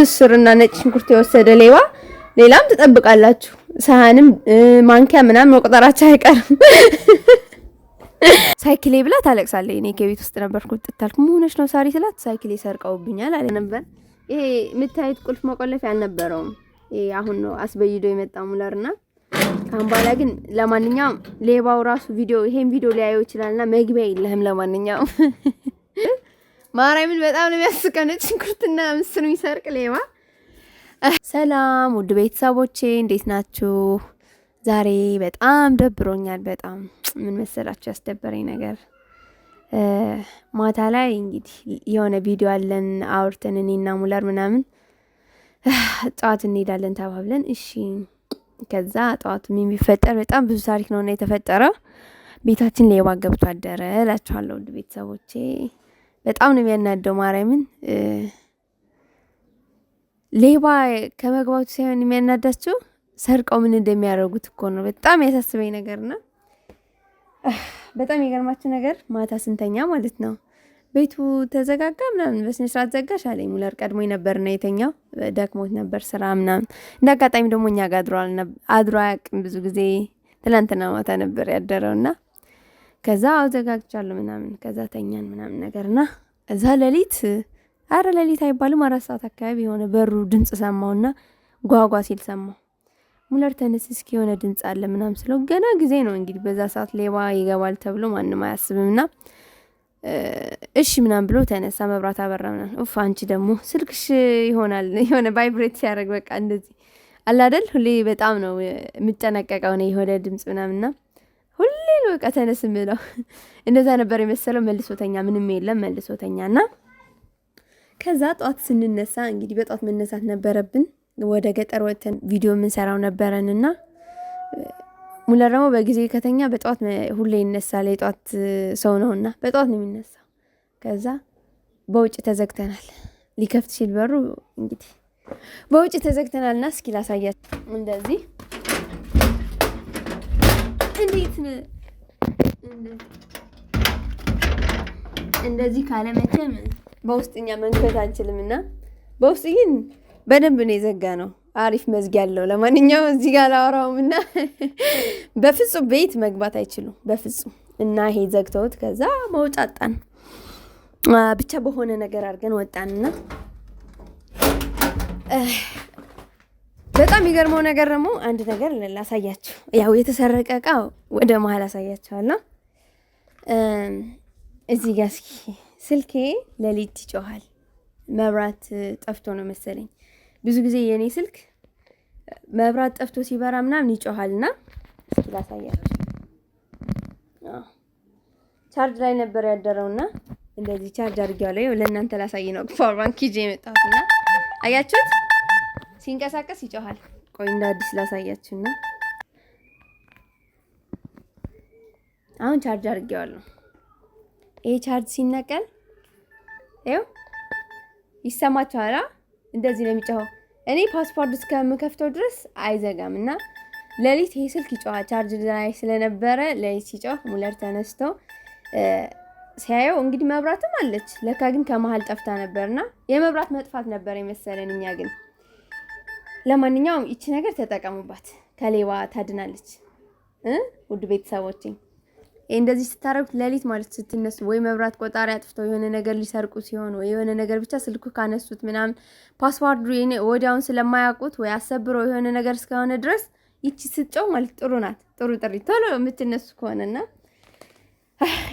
ምስርና ነጭ ሽንኩርት የወሰደ ሌባ ሌላም ትጠብቃላችሁ። ሳህንም ማንኪያ ምናምን መቁጠራቸው አይቀርም። ሳይክሌ ብላ ታለቅሳለች። እኔ ከቤት ውስጥ ነበርኩ። ጥታልኩ መሆነች ነው ሳሪ ስላት ሳይክሌ ሰርቀውብኛል አለ ነበር። ይሄ የምታዩት ቁልፍ መቆለፍ አልነበረውም። ይሄ አሁን ነው አስበይዶ የመጣ ሙለር እና ካምባላ ግን ለማንኛውም ሌባው ራሱ ቪዲዮ ይሄን ቪዲዮ ሊያየው ይችላልና መግቢያ የለህም ለማንኛውም ማርያምን በጣም ነው የሚያስቀው። ነጭ ሽንኩርትና ምስር የሚሰርቅ ሌባ። ሰላም ውድ ቤተሰቦቼ እንዴት ናችሁ? ዛሬ በጣም ደብሮኛል። በጣም ምን መሰላችሁ ያስደበረኝ ነገር ማታ ላይ እንግዲህ የሆነ ቪዲዮ አለን አውርተን እኔና ሙላር ምናምን ጠዋት እንሄዳለን ተባብለን እሺ። ከዛ ጠዋቱ የሚፈጠር በጣም ብዙ ታሪክ ነውና የተፈጠረው ቤታችን ሌባ ገብቶ አደረ እላችኋለሁ ውድ ቤተሰቦቼ በጣም ነው የሚያናደው። ማርያምን ሌባ ከመግባቱ ሳይሆን የሚያናዳቸው ሰርቀው ምን እንደሚያደርጉት እኮ ነው በጣም ያሳስበኝ ነገር ነው። በጣም የገርማችሁ ነገር ማታ ስንተኛ ማለት ነው ቤቱ ተዘጋጋ ምናምን በስነ ስርዓት ዘጋሽ አለኝ። ሙለር ነበር ና የተኛው ደክሞት ነበር ስራ ምናምን። እንደ አጋጣሚ ደግሞ እኛ ጋር አድሮ አያውቅም ብዙ ጊዜ። ትላንትና ማታ ነበር ያደረውና ከዛ አዘጋጅቻለሁ ምናምን ከዛ ተኛን ምናምን ነገር እና እዛ ሌሊት አረ ሌሊት አይባልም አራት ሰዓት አካባቢ የሆነ በሩ ድምፅ ሰማውና ጓጓ ሲል ሰማው። ሙለር ተነስ እስኪ የሆነ ድምፅ አለ ምናም ስለው ገና ጊዜ ነው እንግዲህ በዛ ሰዓት ሌባ ይገባል ተብሎ ማንም አያስብምና እሺ ምናም ብሎ ተነሳ። መብራት አበራ ምናምን። ኡፍ አንቺ ደግሞ ስልክሽ ይሆናል የሆነ ቫይብሬት ሲያደርግ በቃ እንደዚህ አላደል ሁሌ በጣም ነው የምጠነቀቀው የሆነ ድምፅ ምናምና በቃ ተነስ ምለው እንደዛ ነበር የመሰለው። መልሶተኛ ምንም የለም መልሶተኛ እና ከዛ ጠዋት ስንነሳ እንግዲህ በጠዋት መነሳት ነበረብን። ወደ ገጠር ወጥተን ቪዲዮ የምንሰራው ነበረን እና ሙለር ደግሞ በጊዜ ከተኛ በጠዋት ሁሌ ይነሳል። የጠዋት ሰው ነውና በጠዋት ነው የሚነሳው። ከዛ በውጭ ተዘግተናል። ሊከፍት ሲል በሩ እንግዲህ በውጭ ተዘግተናል እና እስኪ እንደዚህ እንዴት እንደዚህ ካለመቼም በውስጥኛ መንከት አንችልም እና በውስጥ ግን በደንብ ነው የዘጋ ነው። አሪፍ መዝጊያ አለው። ለማንኛውም እዚህ ጋር አላወራውም እና በፍጹም ቤት መግባት አይችሉም በፍጹም። እና ይሄ ዘግተውት ከዛ መውጫጣን ብቻ በሆነ ነገር አድርገን ወጣንና በጣም የሚገርመው ነገር ደግሞ አንድ ነገር ላሳያችሁ። ያው የተሰረቀ እቃ ወደ መሀል አሳያችኋለሁ። እዚህ ጋ እስኪ ስልኬ ሌሊት ይጨኋል መብራት ጠፍቶ ነው መሰለኝ። ብዙ ጊዜ የእኔ ስልክ መብራት ጠፍቶ ሲበራ ምናምን ይጮሃል እና እስኪ ቻርጅ ላይ ነበር ያደረውና እንደዚህ ቻርጅ አድርጌዋለሁ። ይኸው ለእናንተ ላሳይ ነው ፓወር ባንክ ይዤ የመጣሁት እና አያችሁት፣ ሲንቀሳቀስ ይጨኋል ቆይ እንደ አዲስ ላሳያችሁና አሁን ቻርጅ አድርጌዋለሁ። ይሄ ቻርጅ ሲነቀል ይኸው ይሰማችኋል። እንደዚህ ነው የሚጮኸው። እኔ ፓስፖርት እስከምከፍተው ድረስ አይዘጋም እና ሌሊት ይሄ ስልክ ይጮሃል። ቻርጅ ላይ ስለነበረ ሌሊት ሲጮህ ሙለር ተነስቶ ሲያየው እንግዲህ መብራትም አለች ለካ ግን ከመሀል ጠፍታ ነበርና የመብራት መጥፋት ነበር የመሰለን እኛ ግን ለማንኛውም ይቺ ነገር ተጠቀሙባት፣ ከሌባ ታድናለች። ውድ ቤተሰቦቼ እንደዚህ ስታረጉት ሌሊት ማለት ስትነሱ ወይ መብራት ቆጣሪ አጥፍተው የሆነ ነገር ሊሰርቁ ሲሆን ወይ የሆነ ነገር ብቻ ስልኩ ካነሱት ምናምን ፓስዋርዱ ወዲያውን ስለማያውቁት ወይ አሰብረው የሆነ ነገር እስከሆነ ድረስ ይቺ ስጨው ማለት ጥሩ ናት። ጥሩ ጥሪ ቶሎ የምትነሱ ከሆነና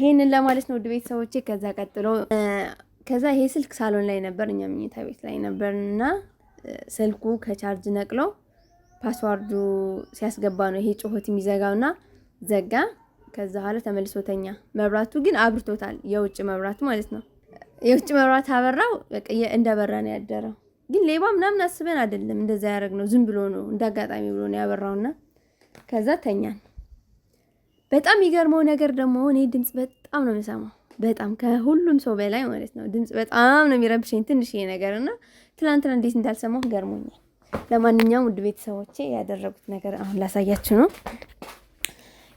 ይህንን ለማለት ነው። ውድ ቤተሰቦቼ ከዛ ቀጥሎ ከዛ ይሄ ስልክ ሳሎን ላይ ነበር፣ እኛ ምኝታ ቤት ላይ ነበር እና ስልኩ ከቻርጅ ነቅሎ ፓስዋርዱ ሲያስገባ ነው ይሄ ጩኸት የሚዘጋውና ዘጋ ከዛ ኋላ ተመልሶተኛ። መብራቱ ግን አብርቶታል፣ የውጭ መብራት ማለት ነው። የውጭ መብራት አበራው፣ እንደበራ ነው ያደረው። ግን ሌባ ምናምን አስበን አይደለም እንደዛ ያደረግ ነው። ዝም ብሎ ነው እንዳጋጣሚ ብሎ ነው ያበራውና ከዛ ተኛን። በጣም የሚገርመው ነገር ደግሞ እኔ ድምፅ በጣም ነው የምሰማው፣ በጣም ከሁሉም ሰው በላይ ማለት ነው። ድምፅ በጣም ነው የሚረብሸኝ ይሄ ነገር እና ትላንትና እንዴት እንዳልሰማሁ ገርሞኛል። ለማንኛውም ውድ ቤተሰቦቼ ያደረጉት ነገር አሁን ላሳያችሁ ነው።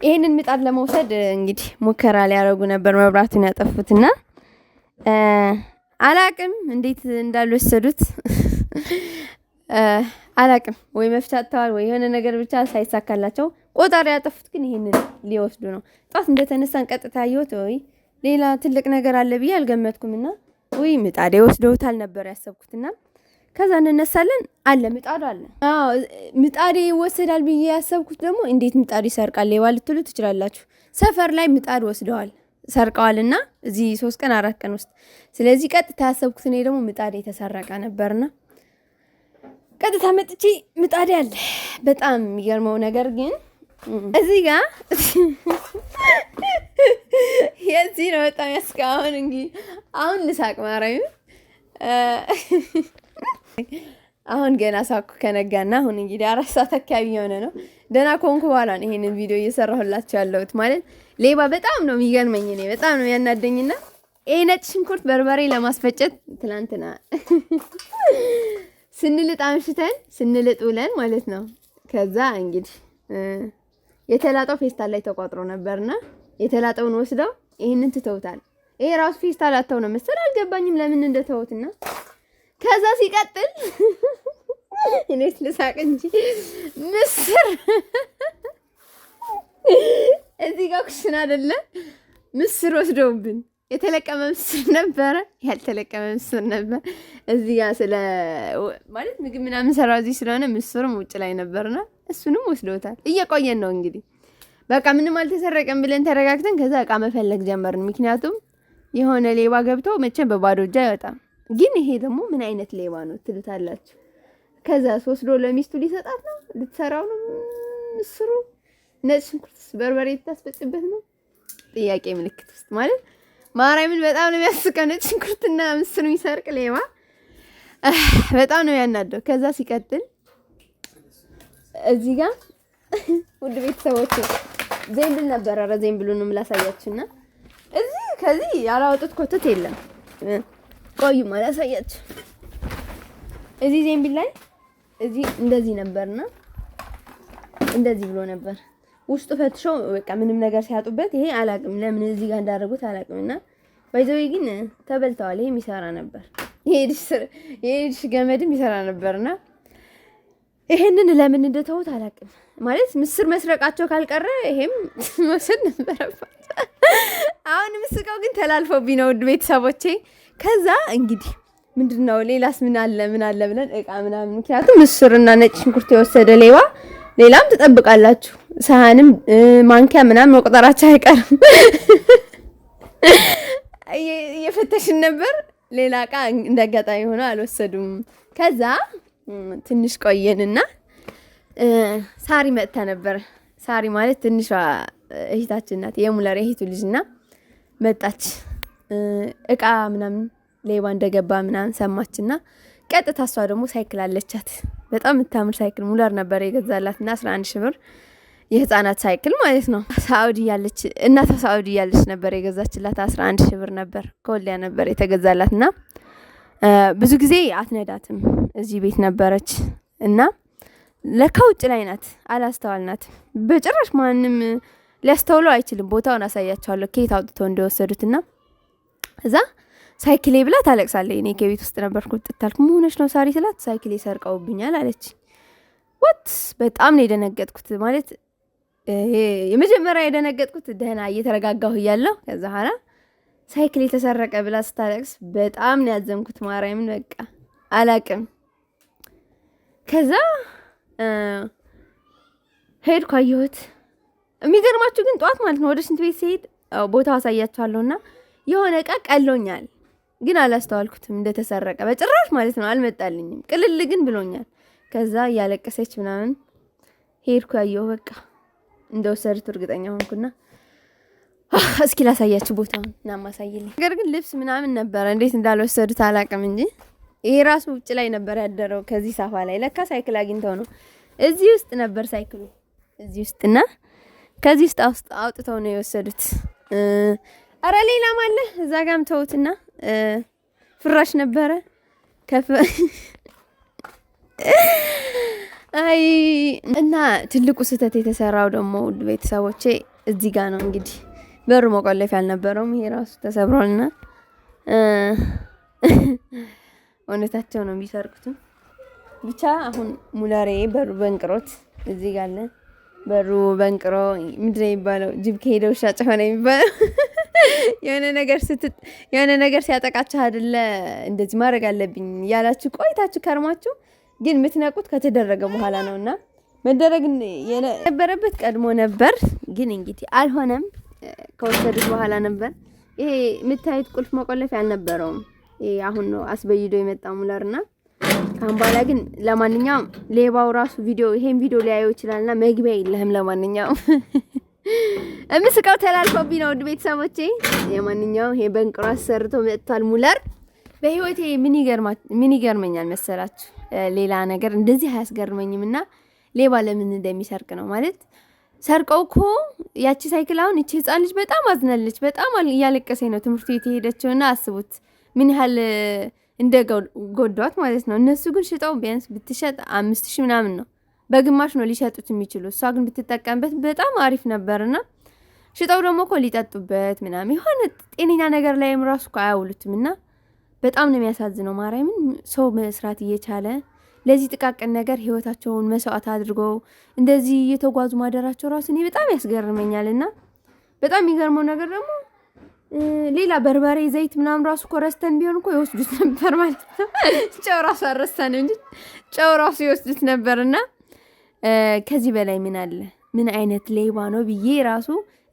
ይህንን ምጣድ ለመውሰድ እንግዲህ ሙከራ ሊያደርጉ ነበር መብራቱን ያጠፉትና አላቅም እንዴት እንዳልወሰዱት አላቅም። ወይ መፍቻ ተዋል ወይ የሆነ ነገር ብቻ ሳይሳካላቸው ቆጣሪ ያጠፉት ግን ይህንን ሊወስዱ ነው። ጧት እንደተነሳን ቀጥታ ያየሁት ወይ ሌላ ትልቅ ነገር አለ ብዬ አልገመትኩም እና ወይ ምጣዴ ወስደውታል ነበር ያሰብኩትና ከዛ እንነሳለን አለ ምጣዱ አለ። አዎ ምጣድ ይወሰዳል ብዬ ያሰብኩት ደግሞ እንዴት ምጣድ ይሰርቃል ሌባ ልትሉ ትችላላችሁ። ሰፈር ላይ ምጣድ ወስደዋል ሰርቀዋል እና እዚህ ሶስት ቀን አራት ቀን ውስጥ ስለዚህ ቀጥታ ያሰብኩት እኔ ደግሞ ምጣድ የተሰረቀ ነበርና ቀጥታ መጥቼ ምጣድ ያለ። በጣም የሚገርመው ነገር ግን እዚህ ጋ የዚህ ነው በጣም ያስቀ አሁን እንግዲህ አሁን ልሳቅ ማረዩ አሁን ገና ሳኩ ከነጋና አሁን እንግዲህ አራት ሰዓት አካባቢ የሆነ ነው። ደህና ከሆንኩ በኋላ ነው ይሄንን ቪዲዮ እየሰራሁላችሁ ያለሁት። ማለት ሌባ በጣም ነው የሚገርመኝ፣ እኔ በጣም ነው ያናደኝና ይሄ ነጭ ሽንኩርት በርበሬ ለማስፈጨት ትላንትና ስንልጥ አምሽተን ስንልጥ ውለን ማለት ነው። ከዛ እንግዲህ የተላጠው ፌስታል ላይ ተቋጥሮ ነበርና የተላጠውን ወስደው ይህንን ትተውታል። ይሄ ራሱ ፌስታል አተው ነው መሰል አልገባኝም፣ ለምን እንደተውትና ከዛ ሲቀጥል እኔስ ልሳቅ እንጂ ምስር እዚህ ጋር ኩሽና አይደለ ምስር ወስደውብን የተለቀመ ምስር ነበረ፣ ያልተለቀመ ምስር ነበር። እዚህ ጋር ስለ ማለት ምግብ ምናምን ሰራው እዚህ ስለሆነ ምስሩም ውጭ ላይ ነበርና እሱንም ወስደውታል። እየቆየን ነው እንግዲህ በቃ ምንም አልተሰረቀም ብለን ተረጋግተን ከዛ እቃ መፈለግ ጀመርን። ምክንያቱም የሆነ ሌባ ገብቶ መቼም በባዶ እጅ አይወጣም። ግን ይሄ ደግሞ ምን አይነት ሌባ ነው ትልታላችሁ? ከዛ ወስዶ ለሚስቱ ሊሰጣት ነው። ልትሰራው ነው። ምስሩ ነጭ ሽንኩርት በርበሬ ልታስፈጭበት ነው። ጥያቄ ምልክት ውስጥ ማለት ማርያምን በጣም ነው የሚያስቀው። ነጭ ሽንኩርትና ምስር የሚሰርቅ ሌባ በጣም ነው ያናደው። ከዛ ሲቀጥል እዚህ ጋር ውድ ቤተሰቦች ዜምብል ነበር። ኧረ ዜምብሉንም ላሳያችሁና እዚህ ከዚህ ያላወጡት ኮተት የለም። ቆዩ ማለት እዚ እዚህ ዜምቢል ላይ እዚህ እንደዚህ ነበርና እንደዚህ ብሎ ነበር። ውስጡ ፈትሾ በቃ ምንም ነገር ሲያጡበት ይሄ አላቅም፣ ለምን እዚህ ጋር እንዳደረጉት አላቅምና ባይዘው ግን ተበልተዋል። ይሄ የሚሰራ ነበር። ይሄ ገመድም ይሰራ ነበርና ይሄንን ለምን እንደተውት አላውቅም። ማለት ምስር መስረቃቸው ካልቀረ ይሄም መውሰድ ነበረባት። አሁን ምስቀው ግን ተላልፈውብኝ ነው ውድ ቤተሰቦቼ። ከዛ እንግዲህ ምንድን ነው ሌላስ ምን አለ ምን አለ ብለን እቃ ምናምን፣ ምክንያቱም ምስርና ነጭ ሽንኩርት የወሰደ ሌባ ሌላም ትጠብቃላችሁ። ሰሃንም ማንኪያ ምናምን መቁጠራቸው አይቀርም። እየፈተሽን ነበር። ሌላ እቃ እንዳጋጣሚ ሆነ አልወሰዱም። ከዛ ትንሽ ቆየንና ሳሪ መጥታ ነበር። ሳሪ ማለት ትንሿ እህታችን ናት፣ የሙለር የእህቱ ልጅ እና መጣች። እቃ ምናምን ሌባ እንደገባ ምናምን ሰማችና ቀጥታ እሷ ደግሞ ሳይክል አለቻት፣ በጣም የምታምር ሳይክል ሙለር ነበር የገዛላት እና አስራ አንድ ብር የህፃናት ሳይክል ማለት ነው። ሳኡዲ ያለች እናቷ ሳኡዲ ያለች ነበር የገዛችላት አስራ አንድ ሺህ ብር ነበር ከወልዲያ ነበር የተገዛላት እና ብዙ ጊዜ አትነዳትም፣ እዚህ ቤት ነበረች እና ለካ ውጭ ላይ ናት። አላስተዋልናትም በጭራሽ። ማንም ሊያስተውለው አይችልም። ቦታውን አሳያቸዋለሁ ከየት አውጥተው እንደወሰዱት እና እዛ ሳይክሌ ብላ ታለቅሳለ። እኔ ከቤት ውስጥ ነበርኩ። ጥታልኩ መሆነች ነው ሳሪ ስላት ሳይክሌ ሰርቀውብኛል አለች። ወት በጣም ነው የደነገጥኩት። ማለት የመጀመሪያ የደነገጥኩት ደህና እየተረጋጋሁ እያለሁ ከዛ ኋላ ሳይክል የተሰረቀ ብላ ስታለቅስ በጣም ነው ያዘንኩት። ማርያምን በቃ አላቅም። ከዛ ሄድኩ አየሁት። የሚገርማችሁ ግን ጠዋት ማለት ነው ወደ ሽንት ቤት ሲሄድ ቦታ አሳያችኋለሁ እና የሆነ እቃ ቀሎኛል፣ ግን አላስተዋልኩትም እንደተሰረቀ በጭራሽ ማለት ነው። አልመጣልኝም፣ ቅልል ግን ብሎኛል። ከዛ እያለቀሰች ምናምን ሄድኩ ያየሁ በቃ እንደወሰዱት እርግጠኛ ሆንኩና እስኪ ላሳያችሁ ቦታውን ና ማሳይልኝ። ነገር ግን ልብስ ምናምን ነበረ እንዴት እንዳልወሰዱት አላቅም እንጂ ይሄ ራሱ ውጭ ላይ ነበር ያደረው። ከዚህ ሳፋ ላይ ለካ ሳይክል አግኝተው ነው። እዚህ ውስጥ ነበር ሳይክሉ እዚህ ውስጥ እና ከዚህ ውስጥ አውጥተው ነው የወሰዱት። አረ ሌላም አለ እዛ ጋም ተውትና፣ ፍራሽ ነበረ ከፍ አይ እና ትልቁ ስህተት የተሰራው ደግሞ ውድ ቤተሰቦቼ እዚህ ጋ ነው እንግዲህ በሩ መቆለፍ ያልነበረውም ይሄ ራሱ ተሰብሯልና እውነታቸው ነው የሚሰርቁትም። ብቻ አሁን ሙለሬ በሩ በንቅሮት እዚህ ጋር አለ። በሩ በንቅሮ ምንድን ነው የሚባለው? ጅብ ከሄደ ውሻ ጮኸ የሚባለው። የሆነ ነገር የሆነ ነገር ሲያጠቃችሁ አይደለ እንደዚህ ማድረግ አለብኝ ያላችሁ ቆይታችሁ ከርማችሁ ግን የምትነቁት ከተደረገ በኋላ ነው እና መደረግ የነበረበት ቀድሞ ነበር፣ ግን እንግዲህ አልሆነም። ከወሰዱት በኋላ ነበር። ይሄ የምታዩት ቁልፍ መቆለፍ ያልነበረውም ይሄ አሁን ነው አስበይዶ የመጣ ሙለርና ካሁን በኋላ ግን ለማንኛውም ሌባው ራሱ ቪዲዮ ይሄን ቪዲዮ ሊያየው ይችላልና መግቢያ የለህም። ለማንኛውም እምስቃው ተላልፎብኝ ነው ውድ ቤተሰቦቼ። የማንኛውም ይሄ በእንቅሮ አሰርቶ መጥቷል ሙለር። በህይወቴ ምን ይገርመኛል መሰላችሁ? ሌላ ነገር እንደዚህ አያስገርመኝም እና ሌባ ለምን እንደሚሰርቅ ነው ማለት ሰርቀው እኮ ያቺ ሳይክል አሁን ይቺ ህፃን ልጅ በጣም አዝናለች። በጣም እያለቀሰኝ ነው ትምህርት ቤት የሄደችውና አስቡት ምን ያህል እንደ ጎዷት ማለት ነው። እነሱ ግን ሽጠው ቢያንስ ብትሸጥ አምስት ሺ ምናምን ነው በግማሽ ነው ሊሸጡት የሚችሉ። እሷ ግን ብትጠቀምበት በጣም አሪፍ ነበርና ሽጠው ደግሞ እኮ ሊጠጡበት ምናምን የሆነ ጤነኛ ነገር ላይም ራሱ እኮ አያውሉትም። እና በጣም ነው የሚያሳዝነው። ማርያምን ሰው መስራት እየቻለ ለዚህ ጥቃቅን ነገር ህይወታቸውን መስዋዕት አድርገው እንደዚህ እየተጓዙ ማደራቸው ራሱ እኔ በጣም ያስገርመኛል። እና በጣም የሚገርመው ነገር ደግሞ ሌላ በርበሬ፣ ዘይት ምናምን ራሱ እኮ ረስተን ቢሆን እኮ የወስዱት ነበር ማለት ነው። ጨው ራሱ አልረሳን እንጂ ጨው ራሱ የወስዱት ነበር። እና ከዚህ በላይ ምን አለ? ምን አይነት ሌባ ነው ብዬ ራሱ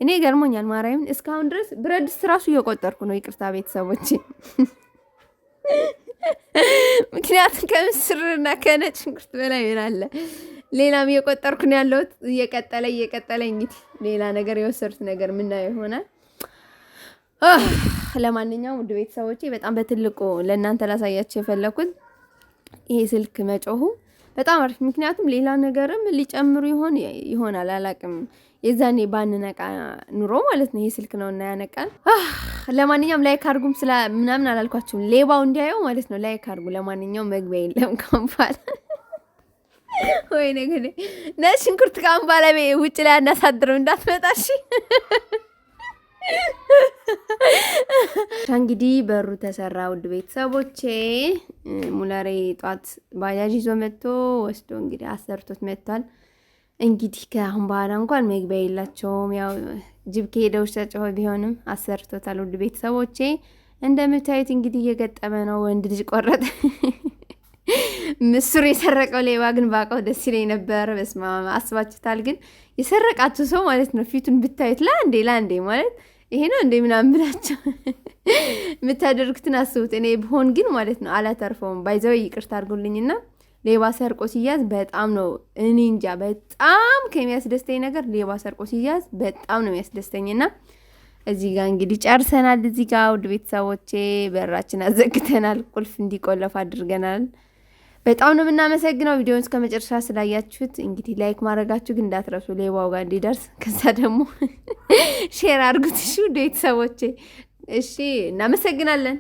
እኔ ገርሞኛል። ማርያምን እስካሁን ድረስ ብረድስ ራሱ እየቆጠርኩ ነው። ይቅርታ ቤተሰቦች ምክንያቱም ከምስርና ከነጭ ሽንኩርት በላይ ምን አለ? ሌላም እየቆጠርኩ ነው ያለሁት። እየቀጠለ እየቀጠለ እንግዲህ ሌላ ነገር የወሰዱት ነገር ምናየው ይሆናል። ለማንኛውም ውድ ቤተሰቦቼ በጣም በትልቁ ለእናንተ ላሳያቸው የፈለኩት ይሄ ስልክ መጮሁ በጣም አሪፍ። ምክንያቱም ሌላ ነገርም ሊጨምሩ ይሆን ይሆናል አላቅም የዛኔ ባንነቃ ኑሮ ማለት ነው። ይሄ ስልክ ነው እና ያነቃል። ለማንኛውም ላይክ አድርጉም ምናምን አላልኳችሁም፣ ሌባው እንዲያየው ማለት ነው። ላይክ አድርጉ። ለማንኛውም መግቢያ የለም ካምፓል ወይ ነገር ነጭ ሽንኩርት ካምፓላ ውጭ ላይ አናሳድርም እንዳትመጣሽ። እንግዲህ በሩ ተሰራ። ውድ ቤተሰቦቼ ሙለሬ ጧት ባጃጅ ይዞ መጥቶ ወስዶ እንግዲህ አሰርቶት መጥቷል። እንግዲህ ከአሁን በኋላ እንኳን መግቢያ የላቸውም። ያው ጅብ ከሄደ ውሻ ጮኸ ቢሆንም አሰርቶታል። ውድ ቤተሰቦቼ እንደምታዩት እንግዲህ እየገጠመ ነው። ወንድ ልጅ ቆረጠ። ምስሩ የሰረቀው ሌባ ግን ባውቀው ደስ ይለኝ ነበር። በስመ አብ አስባችሁታል። ግን የሰረቃችሁ ሰው ማለት ነው ፊቱን ብታዩት ለአንዴ ለአንዴ ማለት ይሄ ነው እንደ ምናምን ብላችሁ የምታደርጉትን አስቡት። እኔ ብሆን ግን ማለት ነው አላተርፈውም። ባይዘው ይቅርታ አድርጉልኝና ሌባ ሰርቆ ሲያዝ በጣም ነው እኔ እንጃ፣ በጣም ከሚያስደስተኝ ነገር ሌባ ሰርቆ ሲያዝ በጣም ነው የሚያስደስተኝና እዚህ ጋር እንግዲህ ጨርሰናል። እዚህ ጋር ውድ ቤተሰቦቼ በራችን አዘግተናል፣ ቁልፍ እንዲቆለፍ አድርገናል። በጣም ነው የምናመሰግነው ቪዲዮን እስከ መጨረሻ ስላያችሁት። እንግዲህ ላይክ ማድረጋችሁ ግን እንዳትረሱ ሌባው ጋር እንዲደርስ፣ ከዛ ደግሞ ሼር አድርጉት። እሺ ውድ ቤተሰቦቼ፣ እሺ እናመሰግናለን።